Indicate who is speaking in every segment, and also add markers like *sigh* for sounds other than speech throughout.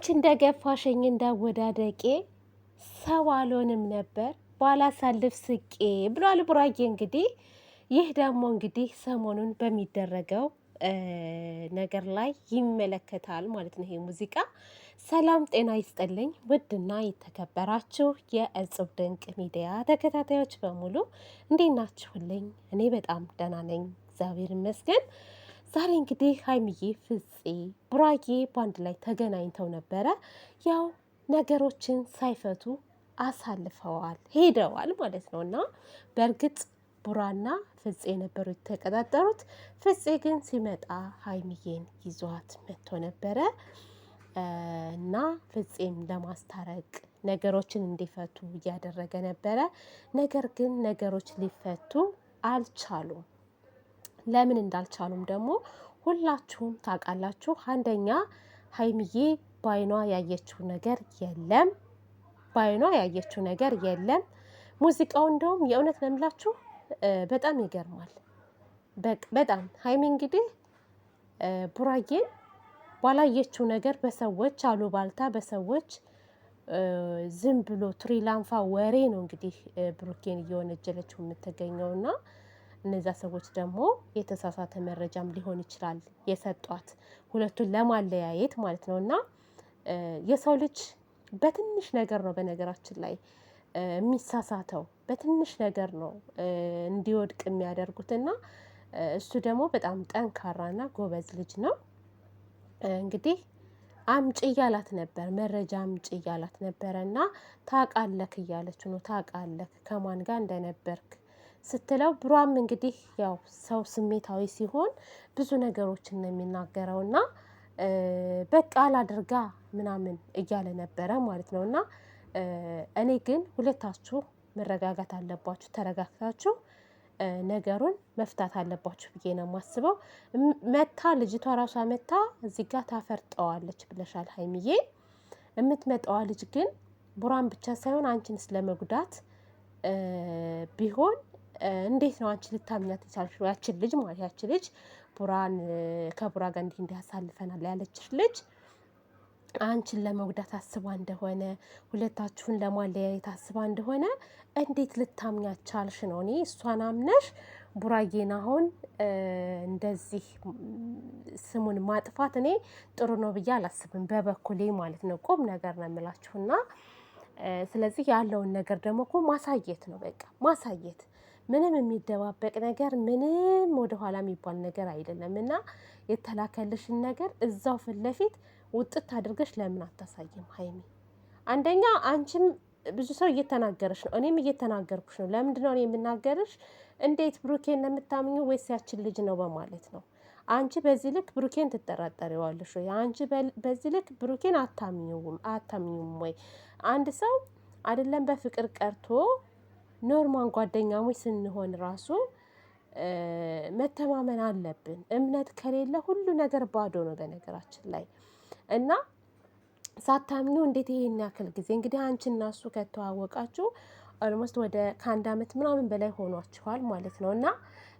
Speaker 1: አንቺ እንደገፋሸኝ እንዳወዳደቄ ሰው አልሆንም ነበር ባላሳልፍ ስቄ ብሏል ቡራዬ። እንግዲህ ይህ ደግሞ እንግዲህ ሰሞኑን በሚደረገው ነገር ላይ ይመለከታል ማለት ነው ይሄ ሙዚቃ። ሰላም ጤና ይስጥልኝ ውድና የተከበራችሁ የእጽብ ድንቅ ሚዲያ ተከታታዮች በሙሉ እንዴት ናችሁልኝ? እኔ በጣም ደህና ነኝ፣ እግዚአብሔር ይመስገን። ዛሬ እንግዲህ ሀይሚዬ ፍፄ ቡራዬ በአንድ ላይ ተገናኝተው ነበረ። ያው ነገሮችን ሳይፈቱ አሳልፈዋል ሄደዋል ማለት ነው እና በእርግጥ ቡራና ፍፄ ነበሩ የተቀጣጠሩት። ፍፄ ግን ሲመጣ ሀይሚዬን ይዟት መጥቶ ነበረ እና ፍፄም ለማስታረቅ ነገሮችን እንዲፈቱ እያደረገ ነበረ። ነገር ግን ነገሮች ሊፈቱ አልቻሉም። ለምን እንዳልቻሉም ደግሞ ሁላችሁም ታውቃላችሁ። አንደኛ ሀይሚዬ ባይኗ ያየችው ነገር የለም፣ ባይኗ ያየችው ነገር የለም። ሙዚቃው እንደውም የእውነት ለምላችሁ በጣም ይገርማል። በጣም ሀይሚ እንግዲህ ቡራዬን ባላየችው ነገር በሰዎች አሉባልታ በሰዎች ዝም ብሎ ትሪላንፋ ወሬ ነው እንግዲህ ብሩኬን እየወነጀለችው የምትገኘውና እነዛ ሰዎች ደግሞ የተሳሳተ መረጃም ሊሆን ይችላል የሰጧት ሁለቱን ለማለያየት ማለት ነው። እና የሰው ልጅ በትንሽ ነገር ነው በነገራችን ላይ የሚሳሳተው በትንሽ ነገር ነው እንዲወድቅ የሚያደርጉት እና እሱ ደግሞ በጣም ጠንካራና ጎበዝ ልጅ ነው። እንግዲህ አምጪ እያላት ነበር መረጃ አምጪ እያላት ነበረ እና ታውቃለህ እያለች ነው ታውቃለህ ከማን ጋር እንደነበርክ ስትለው ብሯም እንግዲህ ያው ሰው ስሜታዊ ሲሆን ብዙ ነገሮችን ነው የሚናገረው እና በቃ አላድርጋ ምናምን እያለ ነበረ ማለት ነው። እና እኔ ግን ሁለታችሁ መረጋጋት አለባችሁ ተረጋግታችሁ ነገሩን መፍታት አለባችሁ ብዬ ነው የማስበው። መታ ልጅቷ ራሷ መታ እዚህ ጋር ታፈርጠዋለች ብለሻል ሀይሚዬ። የምትመጣዋ ልጅ ግን ቡራን ብቻ ሳይሆን አንቺን ስለመጉዳት ቢሆን እንዴት ነው አንቺ ልታምኛት የቻልሽው? ያችን ልጅ ማለት ያችን ልጅ ቡራን ከቡራ ጋር እንዲህ እንዲያሳልፈናል ያለችሽ ልጅ አንቺን ለመጉዳት አስባ እንደሆነ ሁለታችሁን ለማለያየት አስባ እንደሆነ እንዴት ልታምኛት ቻልሽ ነው። እኔ እሷን አምነሽ ቡራዬን አሁን እንደዚህ ስሙን ማጥፋት እኔ ጥሩ ነው ብዬ አላስብም፣ በበኩሌ ማለት ነው። ቁም ነገር ነው የምላችሁና ስለዚህ ያለውን ነገር ደግሞ እኮ ማሳየት ነው፣ በቃ ማሳየት ምንም የሚደባበቅ ነገር ምንም ወደኋላ የሚባል ነገር አይደለም እና የተላከልሽን ነገር እዛው ፊት ለፊት ውጥት አድርገሽ ለምን አታሳይም ሀይሚ? አንደኛ አንቺም ብዙ ሰው እየተናገረሽ ነው፣ እኔም እየተናገርኩሽ ነው። ለምንድን ነው እኔ የምናገርሽ? እንዴት ብሩኬን የምታምኙ ወይስ ያችን ልጅ ነው በማለት ነው። አንቺ በዚህ ልክ ብሩኬን ትጠራጠሪዋለሽ ወይ? አንቺ በዚህ ልክ ብሩኬን አታምኙም ወይ? አንድ ሰው አይደለም በፍቅር ቀርቶ ኖርማን ጓደኛሞች ስንሆን ራሱ መተማመን አለብን። እምነት ከሌለ ሁሉ ነገር ባዶ ነው። በነገራችን ላይ እና ሳታምኑ እንዴት ይሄን ያክል ጊዜ እንግዲህ አንቺ እና እሱ ከተዋወቃችሁ ኦልሞስት ወደ ከአንድ አመት ምናምን በላይ ሆኗችኋል ማለት ነው። እና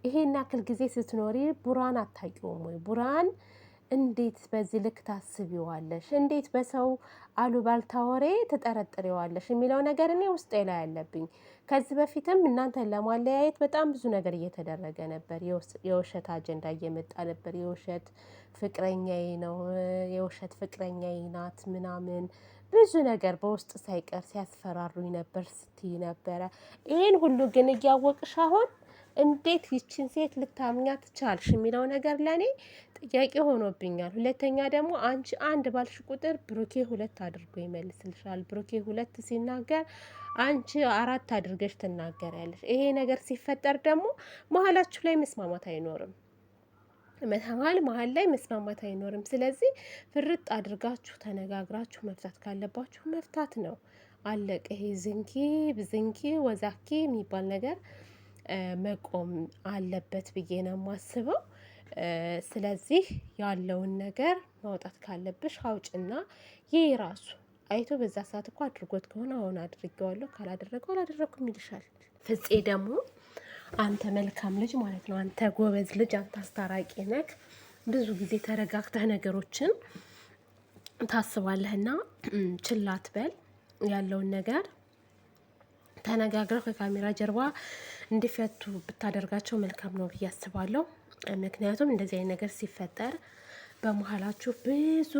Speaker 1: ይሄን ያክል ጊዜ ስትኖሪ ቡራን አታውቂውም ወይ? ቡራን እንዴት በዚህ ልክ ታስቢዋለሽ? እንዴት በሰው አሉባልታ ወሬ ትጠረጥሬዋለሽ የሚለው ነገር እኔ ውስጤ ላይ ያለብኝ ከዚህ በፊትም እናንተን ለማለያየት በጣም ብዙ ነገር እየተደረገ ነበር። የውሸት አጀንዳ እየመጣ ነበር። የውሸት ፍቅረኛዬ ነው፣ የውሸት ፍቅረኛዬ ናት ምናምን ብዙ ነገር በውስጥ ሳይቀር ሲያስፈራሩኝ ነበር ስትይ ነበረ። ይህን ሁሉ ግን እያወቅሽ አሁን እንዴት ይችን ሴት ልታምኛት ቻልሽ የሚለው ነገር ለእኔ ጥያቄ ሆኖብኛል። ሁለተኛ ደግሞ አንቺ አንድ ባልሽ ቁጥር ብሩኬ ሁለት አድርጎ ይመልስልሻል። ብሩኬ ሁለት ሲናገር አንቺ አራት አድርገሽ ትናገሪያለሽ። ይሄ ነገር ሲፈጠር ደግሞ መሀላችሁ ላይ መስማማት አይኖርም። መተማል መሀል ላይ መስማማት አይኖርም። ስለዚህ ፍርጥ አድርጋችሁ ተነጋግራችሁ መፍታት ካለባችሁ መፍታት ነው። አለቀ። ይሄ ዝንኪ ብዝንኪ ወዛኪ የሚባል ነገር መቆም አለበት ብዬ ነው የማስበው። ስለዚህ ያለውን ነገር ማውጣት ካለብሽ አውጭና ይህ ራሱ አይቶ በዛ ሰዓት እኮ አድርጎት ከሆነ አሁን አድርጌዋለሁ ካላደረገው አላደረግኩም ይልሻል። ፍፄ ደግሞ አንተ መልካም ልጅ ማለት ነው፣ አንተ ጎበዝ ልጅ፣ አንተ አስታራቂ ነክ፣ ብዙ ጊዜ ተረጋግተህ ነገሮችን ታስባለህና ችላት በል ያለውን ነገር ተነጋግረው ከካሜራ ጀርባ እንዲፈቱ ብታደርጋቸው መልካም ነው ብዬ አስባለሁ። ምክንያቱም እንደዚህ አይነት ነገር ሲፈጠር በመሀላችሁ ብዙ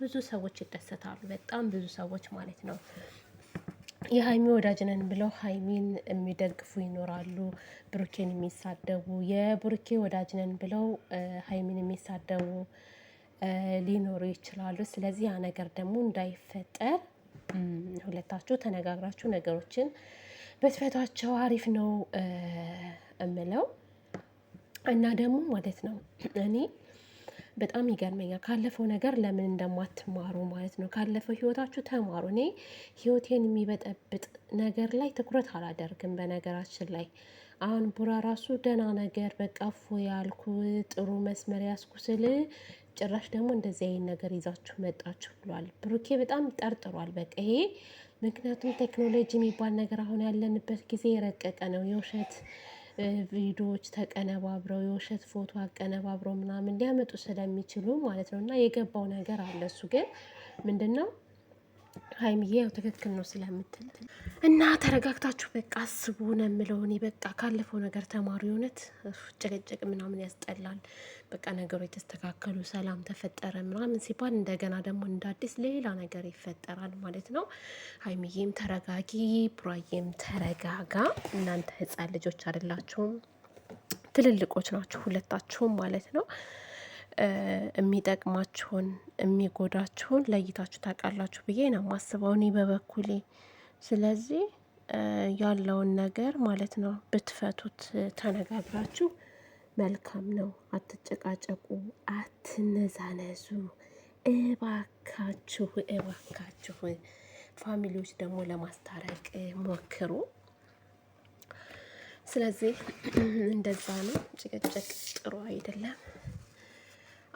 Speaker 1: ብዙ ሰዎች ይደሰታሉ። በጣም ብዙ ሰዎች ማለት ነው። የሀይሚ ወዳጅ ነን ብለው ሀይሚን የሚደግፉ ይኖራሉ። ብሩኬን የሚሳደቡ የብሩኬ ወዳጅ ነን ብለው ሀይሚን የሚሳደቡ ሊኖሩ ይችላሉ። ስለዚህ ያ ነገር ደግሞ እንዳይፈጠር ሁለታችሁ ተነጋግራችሁ ነገሮችን ብትፈቷቸው አሪፍ ነው እምለው እና ደግሞ ማለት ነው እኔ በጣም ይገርመኛል ካለፈው ነገር ለምን እንደማትማሩ ማለት ነው። ካለፈው ህይወታችሁ ተማሩ። እኔ ህይወቴን የሚበጠብጥ ነገር ላይ ትኩረት አላደርግም። በነገራችን ላይ አሁን ቡራ ራሱ ደህና ነገር በቃ ፎ ያልኩ ጥሩ መስመር ያስኩ ስል ጭራሽ ደግሞ እንደዚህ አይነት ነገር ይዛችሁ መጣችሁ ብሏል። ብሩኬ በጣም ጠርጥሯል። በቃ ይሄ ምክንያቱም ቴክኖሎጂ የሚባል ነገር አሁን ያለንበት ጊዜ የረቀቀ ነው። የውሸት ቪዲዮዎች ተቀነባብረው የውሸት ፎቶ አቀነባብረው ምናምን ሊያመጡ ስለሚችሉ ማለት ነው። እና የገባው ነገር አለ እሱ ግን ምንድነው ሀይሚዬ ያው ትክክል ነው ስለምትል እና ተረጋግታችሁ በቃ አስቡ ነው የምለው እኔ። በቃ ካለፈው ነገር ተማሪ እውነት ጭቅጭቅ ምናምን ያስጠላል። በቃ ነገሮች የተስተካከሉ ሰላም ተፈጠረ ምናምን ሲባል እንደገና ደግሞ እንደ አዲስ ሌላ ነገር ይፈጠራል ማለት ነው። ሀይሚዬም ተረጋጊ፣ ቡራዬም ተረጋጋ። እናንተ ህፃን ልጆች አይደላችሁም፣ ትልልቆች ናችሁ ሁለታችሁም ማለት ነው። የሚጠቅማችሁን የሚጎዳችሁን ለይታችሁ ታውቃላችሁ ብዬ ነው የማስበው እኔ በበኩሌ። ስለዚህ ያለውን ነገር ማለት ነው ብትፈቱት ተነጋግራችሁ መልካም ነው። አትጨቃጨቁ፣ አትነዛነዙ። እባካችሁ እባካችሁ ፋሚሊዎች ደግሞ ለማስታረቅ ሞክሩ። ስለዚህ *clears throat* እንደዛ ነው። ጭቅጭቅ ጥሩ አይደለም።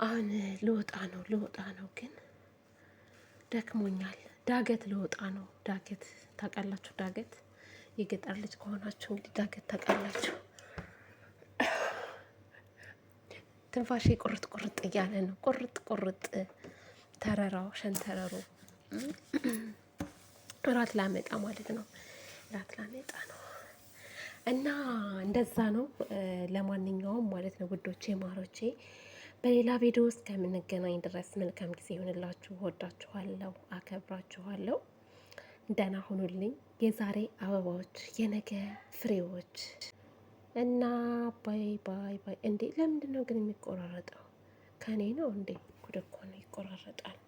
Speaker 1: አሁን ልወጣ ነው ልወጣ ነው፣ ግን ደክሞኛል። ዳገት ልወጣ ነው። ዳገት ታውቃላችሁ? ዳገት የገጠር ልጅ ከሆናችሁ እንግዲህ ዳገት ታውቃላችሁ። ትንፋሽ ቁርጥ ቁርጥ እያለ ነው። ቁርጥ ቁርጥ ተረራው ሸንተረሩ እራት ላመጣ ማለት ነው። እራት ላመጣ ነው እና እንደዛ ነው። ለማንኛውም ማለት ነው ውዶቼ ማሮቼ በሌላ ቪዲዮ ውስጥ ከምንገናኝ ድረስ መልካም ጊዜ ይሆንላችሁ። ወዳችኋለሁ፣ አከብራችኋለሁ። ደህና ሁኑልኝ። የዛሬ አበባዎች የነገ ፍሬዎች እና ባይ ባይ ባይ። እንዴ ለምንድን ነው ግን የሚቆራረጠው? ከኔ ነው እንዴ? ጉድ እኮ ነው። ይቆራረጣል።